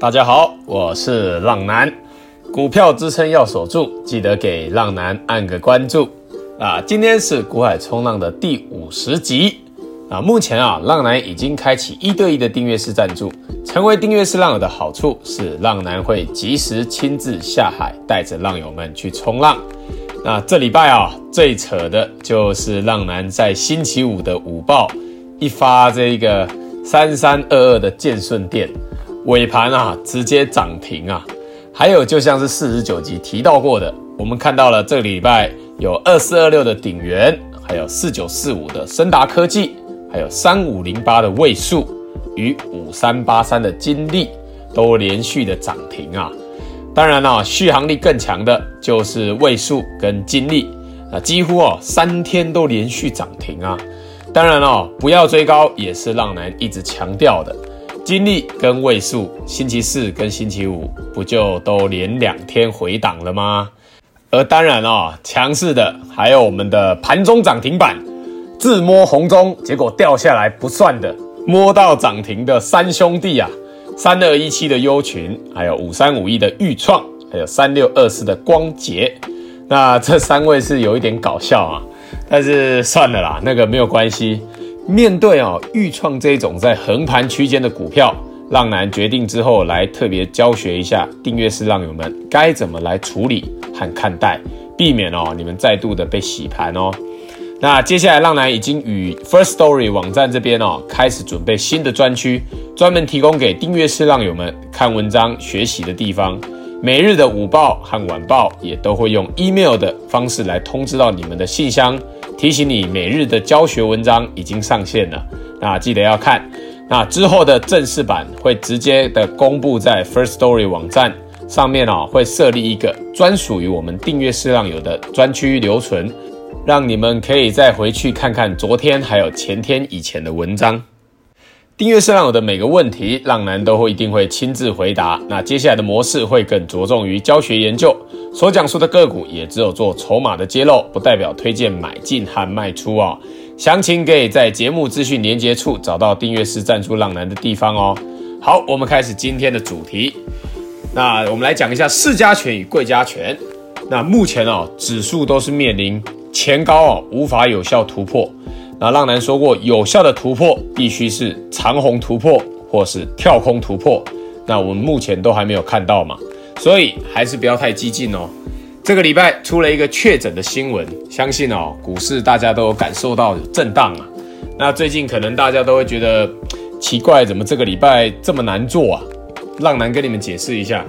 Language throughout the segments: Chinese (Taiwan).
大家好，我是浪男，股票支撐要守住，記得給浪男按個關注啊！今天是股海衝浪的第五十集啊！目前啊，浪男已經開啟一對一的訂閱式贊助，成為訂閱式浪友的好處是，浪男會及時親自下海，帶着浪友們去衝浪。那這禮拜啊，最扯的就是浪男在星期五的午報一發這個三三二二的建舜電。尾盤啊，直接漲停啊！還有就像是四十九集提到過的，我們看到了這個禮拜有二四二六的鼎元，還有四九四五的陞達科技，還有三五零八的位速與五三八三的金利都連續的漲停啊！當然了、啊，續航力更強的就是位速跟金利啊，幾乎哦三天都連續漲停啊！當然了、啊，不要追高也是浪男一直強調的。金利跟位速，星期四跟星期五不就都連兩天回檔了嗎？而當然哦，強勢的還有我們的盤中漲停板，自摸紅中，結果掉下來不算的，摸到漲停的三兄弟啊，三二一七的優群，還有五三五一的鈺創，還有三六二四的光頡，那這三位是有一點搞笑啊，但是算了啦，那個沒有關係。面對啊，鈺創這種在橫盤區間的股票，浪男決定之後來特別教學一下訂閱式浪友們該怎麼來處理和看待，避免哦你們再度的被洗盤哦。那接下來浪男已經與 First Story 網站這邊哦開始準備新的專區，專門提供給訂閱式浪友們看文章學習的地方。每日的午報和晚報也都會用 email 的方式來通知到你們的信箱。提醒你，每日的教學文章已經上線了，那記得要看。那之後的正式版會直接的公布在 Firstory 網站上面哦，會設立一個專屬於我們訂閱式浪友的專區留存，讓你們可以再回去看看昨天還有前天以前的文章。訂閱式浪友的每個問題，浪男都會一定會親自回答。那接下來的模式會更着重於教學研究，所講述的個股也只有做籌碼的揭露，不代表推薦買進和賣出哦。詳情可以在節目資訊連結處找到訂閱式贊助浪男的地方哦。好，我們開始今天的主題。那我們來講一下市加權與櫃加權。那目前哦，指數都是面臨前高哦，無法有效突破。那浪男說過，有效的突破必須是長紅突破或是跳空突破。那我們目前都還沒有看到嘛，所以還是不要太激進哦。這個禮拜出了一個確診的新聞，相信哦股市大家都感受到震盪啊。那最近可能大家都會覺得奇怪，怎麼這個禮拜這麼難做啊？浪男跟你們解釋一下，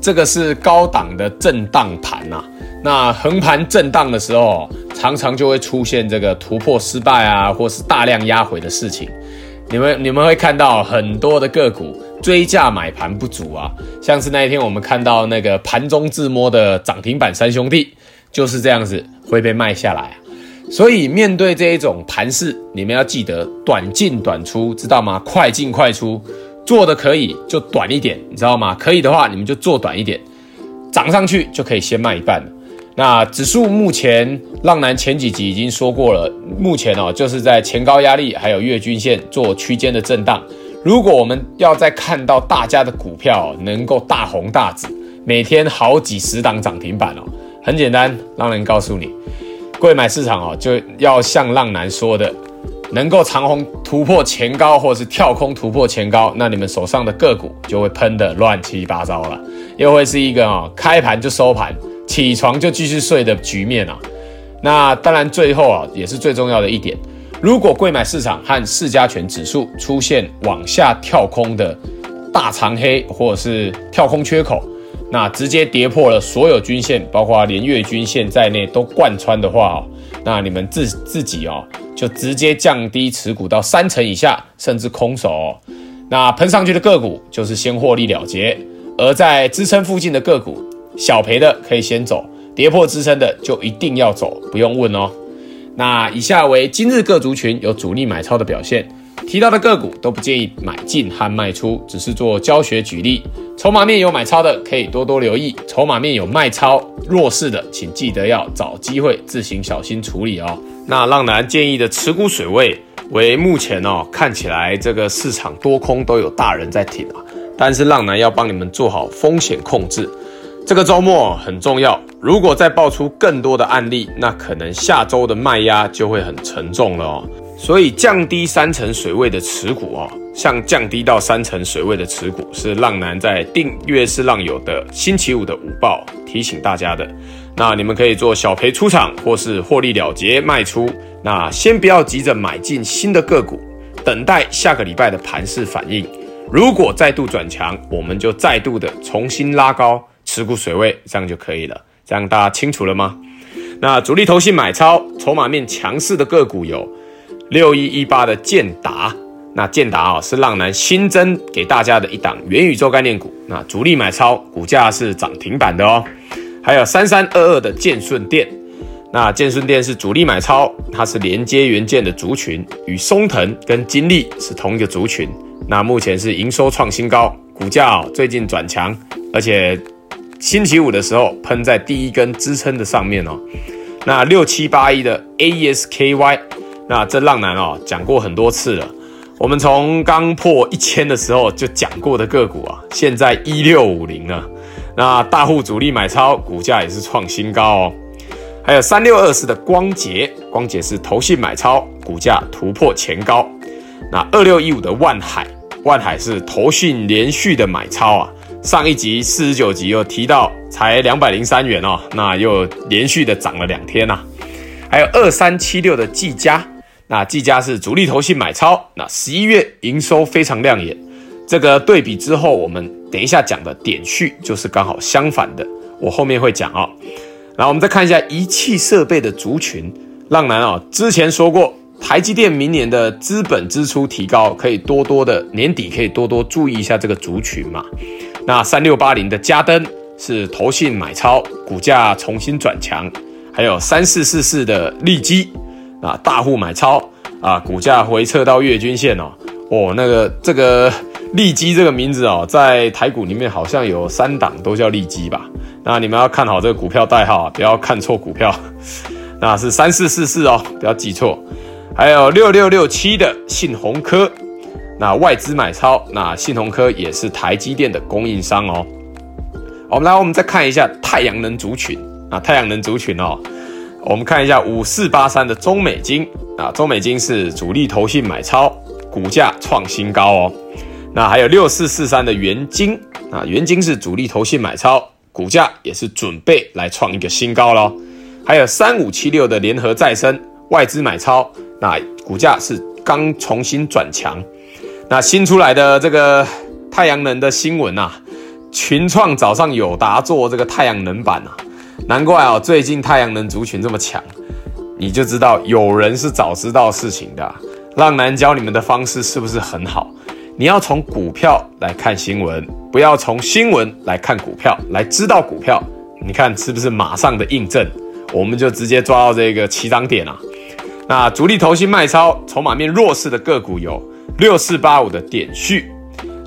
這個是高檔的震盪盤吶。那橫盤震盪的時候，常常就會出現這個突破失敗啊，或是大量壓回的事情。你們你們會看到很多的個股追價買盤不足啊，像是那一天我們看到那個盤中自摸的漲停板三兄弟，就是這樣子會被賣下來啊。所以面對這一種盤勢，你們要記得短進短出，知道嗎？快進快出，做的可以就短一點，你知道嗎？可以的話，你們就做短一點，漲上去就可以先賣一半了。那指數目前，浪男前幾集已經說過了，目前哦，就是在前高壓力還有月均線做區間的震盪。如果我們要再看到大家的股票、哦、能夠大紅大紫，每天好幾十檔漲停板哦，很簡單，浪男告訴你，櫃買市場哦，就要像浪男說的，能夠長紅突破前高，或者是跳空突破前高，那你們手上的個股就會噴得亂七八糟了，又會是一個哦，開盤就收盤。起床就繼續睡的局面啊，那當然最後啊也是最重要的一點，如果櫃買市場和市加權指數出現往下跳空的大長黑或者是跳空缺口，那直接跌破了所有均線，包括連月均線在內都貫穿的話哦，那你們自自己哦就直接降低持股到三成以下，甚至空手哦。那噴上去的個股就是先獲利了結，而在支撐附近的個股，小賠的可以先走，跌破支撐的就一定要走，不用問哦。那以下為今日各族群有主力買超的表現，提到的個股都不建議買進和賣出，只是做教學舉例。籌碼面有買超的可以多多留意，籌碼面有賣超弱勢的，請記得要找機會自行小心處理哦。那浪男建議的持股水位為目前哦，看起來這個市場多空都有大人在挺啊，但是浪男要幫你們做好風險控制。這個周末很重要，如果再爆出更多的案例，那可能下周的賣壓就會很沉重了哦。所以降低三成水位的持股哦，像降低到三成水位的持股，是浪男在訂閱式浪友的星期五的午報提醒大家的。那你們可以做小賠出場，或是獲利了結賣出。那先不要急着買進新的個股，等待下個禮拜的盤勢反應。如果再度轉強，我們就再度的重新拉高。持股水位這樣就可以了，這樣大家清楚了嗎？那主力投信買超籌碼面強勢的個股有六一一八的建達，那建達啊是浪男新增給大家的一檔元宇宙概念股，那主力買超股價是漲停板的哦。還有三三二二的建舜電，那建舜電是主力買超，它是連接元件的族群與崧騰跟金利是同一個族群，那目前是營收創新高，股價最近轉強，而且。星期五的時候，噴在第一根支撐的上面哦。那六七八一的 a s k y 那這浪男哦講過很多次了。我們從剛破一千的時候就講過的個股啊，現在一六五零了。那大戶主力買超，股價也是創新高哦。還有三六二四的光潔，光潔是頭訊買超，股價突破前高。那二六一五的萬海，萬海是頭訊連續的買超啊。上一集四十九集又提到才兩百零三元哦，那又連續的漲了兩天吶、啊。還有二三七六的技嘉，那技嘉是主力投信買超，那十一月營收非常亮眼。這個對比之後，我們等一下講的點序就是剛好相反的，我後面會講啊、哦。然後我們再看一下儀器設備的族群，浪男啊、哦，之前說過台積電明年的資本支出提高，可以多多的年底可以多多注意一下這個族群嘛。那三六八零的家登是投信買超，股價重新轉強，還有三四四四的利機啊，大戶買超啊，股價回測到月均線哦。哦，那個這個利機這個名字哦，在台股裡面好像有三檔都叫利機吧？那你們要看好這個股票代號啊，不要看錯股票。那是三四四四哦，不要記錯。還有六六六七的信紘科。那外資買超，那信紘科也是台積電的供應商哦。我、哦、們來，我們再看一下太陽能族群。那太陽能族群哦，我們看一下五四八三的中美晶啊，那中美晶是主力投信買超，股價創新高哦。那還有六四四三的元晶啊，那元晶是主力投信買超，股價也是準備來創一個新高嘍、哦。還有三五七六的聯合再生，外資買超，那股價是剛重新轉強。那新出來的這個太陽能的新聞吶、啊，群創早上友達做這個太陽能板啊，難怪啊，最近太陽能族群這麼強，你就知道有人是早知道事情的、啊。浪男教你們的方式是不是很好？你要從股票來看新聞，不要從新聞來看股票來知道股票。你看是不是馬上的印證？我們就直接抓到這個起漲點啊。那主力投信賣超籌碼面弱勢的個股有。六四八五的點序，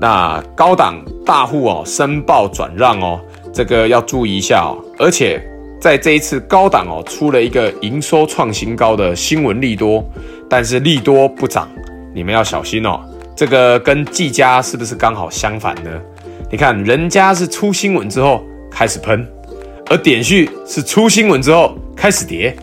那高檔大戶哦，申報轉讓哦，這個要注意一下哦。而且在這一次高檔哦，出了一個營收創新高的新聞利多，但是利多不漲，你們要小心哦。這個跟技嘉是不是剛好相反呢？你看人家是出新聞之後開始噴，而點序是出新聞之後開始跌，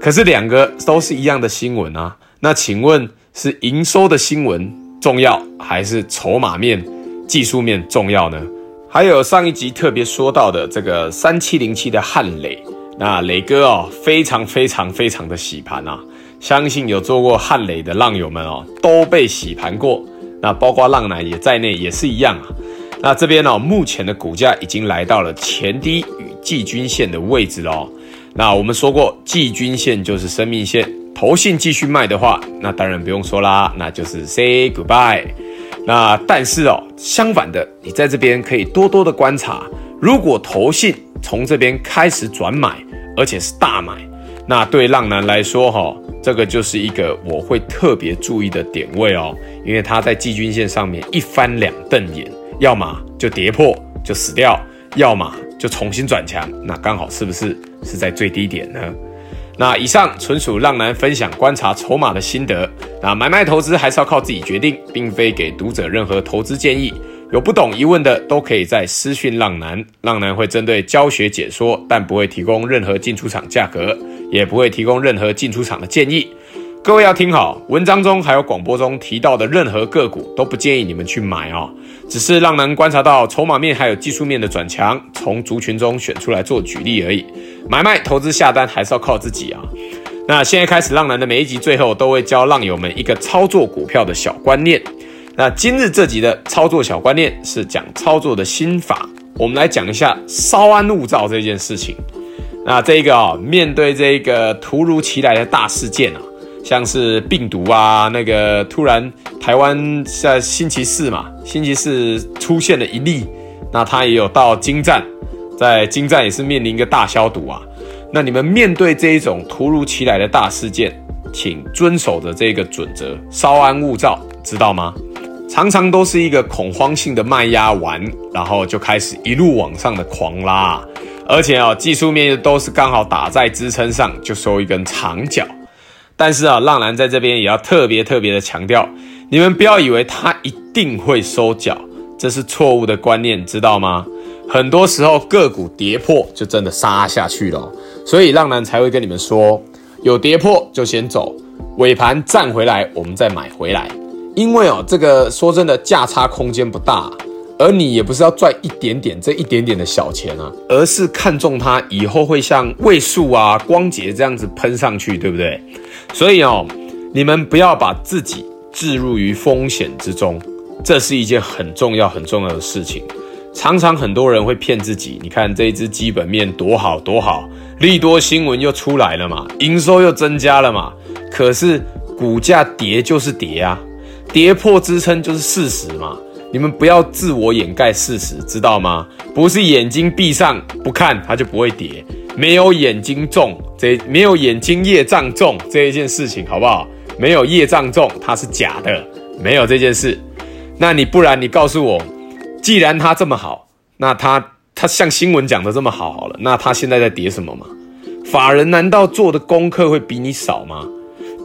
可是兩個都是一樣的新聞啊。那請問？是營收的新聞重要，還是籌碼面、技術面重要呢？還有上一集特別說到的這個三七零七的漢磊。那磊哥哦，非常非常非常的洗盤啊！相信有做過漢磊的浪友們哦，都被洗盤過，那包括浪奶也在內也是一樣啊。那這邊呢、哦，目前的股價已經來到了前低與季均線的位置了哦。那我們說過，季均線就是生命線。投信繼續賣的話，那當然不用說啦，那就是 say goodbye。那但是哦，相反的，你在這邊可以多多的觀察。如果投信從這邊開始轉買，而且是大買，那對浪男來說哈、哦，這個就是一個我會特別注意的點位哦，因為它在季均線上面一翻兩瞪眼，要麼就跌破就死掉，要麼就重新轉強。那剛好是不是是在最低點呢？那以上純屬浪男分享觀察籌碼的心得，那買賣投資還是要靠自己決定，並非給讀者任何投資建議。有不懂疑問的都可以在私訊浪男，浪男會針對教學解說，但不會提供任何進出場價格，也不會提供任何進出場的建議。各位要聽好，文章中還有廣播中提到的任何個股都不建議你們去買啊、哦，只是浪男觀察到籌碼面還有技術面的轉強，從族群中選出來做舉例而已。買賣投資下單還是要靠自己啊。那現在開始，浪男的每一集最後都會教浪友們一個操作股票的小觀念。那今日這集的操作小觀念是講操作的心法，我們來講一下稍安勿躁這件事情。那這個啊、哦，面對這個突如其來的大事件啊。像是病毒啊，那個突然台灣在星期四嘛，星期四出現了一例，那它也有到京站，在京站也是面臨一個大消毒啊。那你們面對這一種突如其來的大事件，請遵守着這個準則，稍安勿躁，知道嗎？常常都是一個恐慌性的賣壓完，然後就開始一路往上的狂拉，而且啊、哦、技術面都是剛好打在支撐上，就收一根長腳。但是啊，浪男在這邊也要特別特別的強調，你們不要以為它一定會收腳，這是錯誤的觀念，知道嗎？很多時候個股跌破就真的殺下去了，喔，所以浪男才會跟你們說，有跌破就先走，尾盤站回來我們再買回來，因為哦、喔，這個說真的價差空間不大，而你也不是要賺一點點，這一點點的小錢啊，而是看中它以後會像位速啊、光頡這樣子噴上去，對不對？所以哦，你們不要把自己置入於風險之中，這是一件很重要很重要的事情。常常很多人會騙自己，你看這一只基本面多好多好，利多新聞又出來了嘛，營收又增加了嘛，可是股價跌就是跌啊，跌破支撐就是事實嘛。你們不要自我掩蓋事實，知道嗎？不是眼睛閉上不看它就不會跌，沒有眼睛中。這沒有眼睛業障重這一件事情，好不好？沒有業障重，它是假的，沒有這件事。那你不然你告訴我，既然它這麼好，那它它像新聞講的這麼好，好了，那它現在在跌什麼嘛？法人難道做的功課會比你少嗎？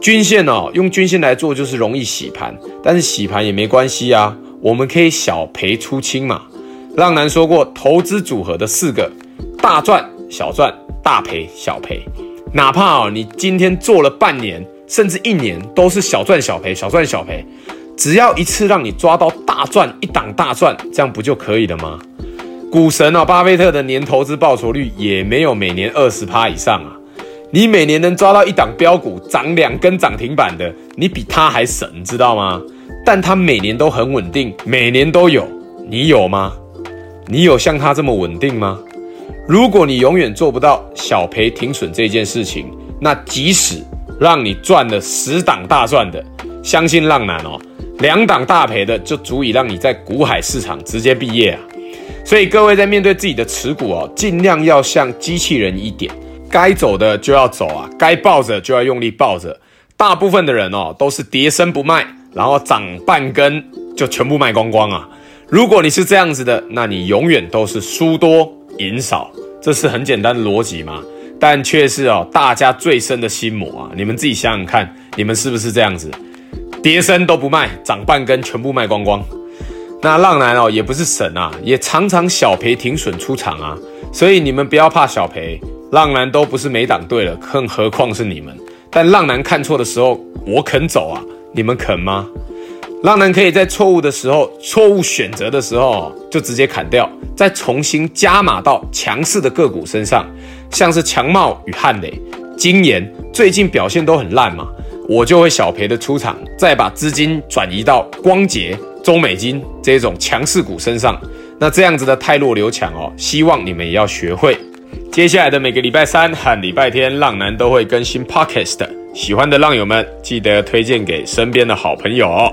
均線哦，用均線來做就是容易洗盤，但是洗盤也沒關係啊，我們可以小賠出清嘛。浪男說過，投資組合的四個大賺，小賺大賠，小賠，哪怕啊你今天做了半年，甚至一年，都是小賺小賠，小賺小賠，只要一次讓你抓到大賺一檔大賺，這樣不就可以了嗎？股神啊，巴菲特的年投資報酬率也沒有每年二十趴以上啊，你每年能抓到一檔飆股漲兩根漲停板的，你比他還神，知道嗎？但他每年都很穩定，每年都有，你有嗎？你有像他這麼穩定嗎？如果你永遠做不到小賠停損這件事情，那即使讓你賺了十檔大賺的，相信浪男哦，兩檔大賠的就足以讓你在股海市場直接畢業啊。所以各位在面對自己的持股哦，盡量要像機器人一點，該走的就要走啊，該抱着就要用力抱着。大部分的人哦，都是跌深不賣，然後漲半根就全部賣光光啊。如果你是這樣子的，那你永遠都是輸多。贏少，這是很簡單的邏輯嘛？但卻是大家最深的心魔啊！你們自己想想看，你們是不是這樣子？跌升都不賣，漲半根全部賣光光。那浪男哦，也不是神啊，也常常小賠停損出場啊。所以你們不要怕小賠，浪男都不是沒擋對了，更何況是你們。但浪男看錯的時候，我肯走啊，你們肯嗎？浪男可以在錯誤的時候、錯誤選擇的時候就直接砍掉，再重新加碼到強勢的個股身上，像是強茂與漢磊，金岩最近表現都很爛嘛，我就會小賠的出場，再把資金轉移到光頡、中美晶這種強勢股身上。那這樣子的汰弱留強哦，希望你們也要學會。接下來的每個禮拜三和禮拜天，浪男都會更新 podcast，喜歡的浪友們記得推薦給身邊的好朋友哦。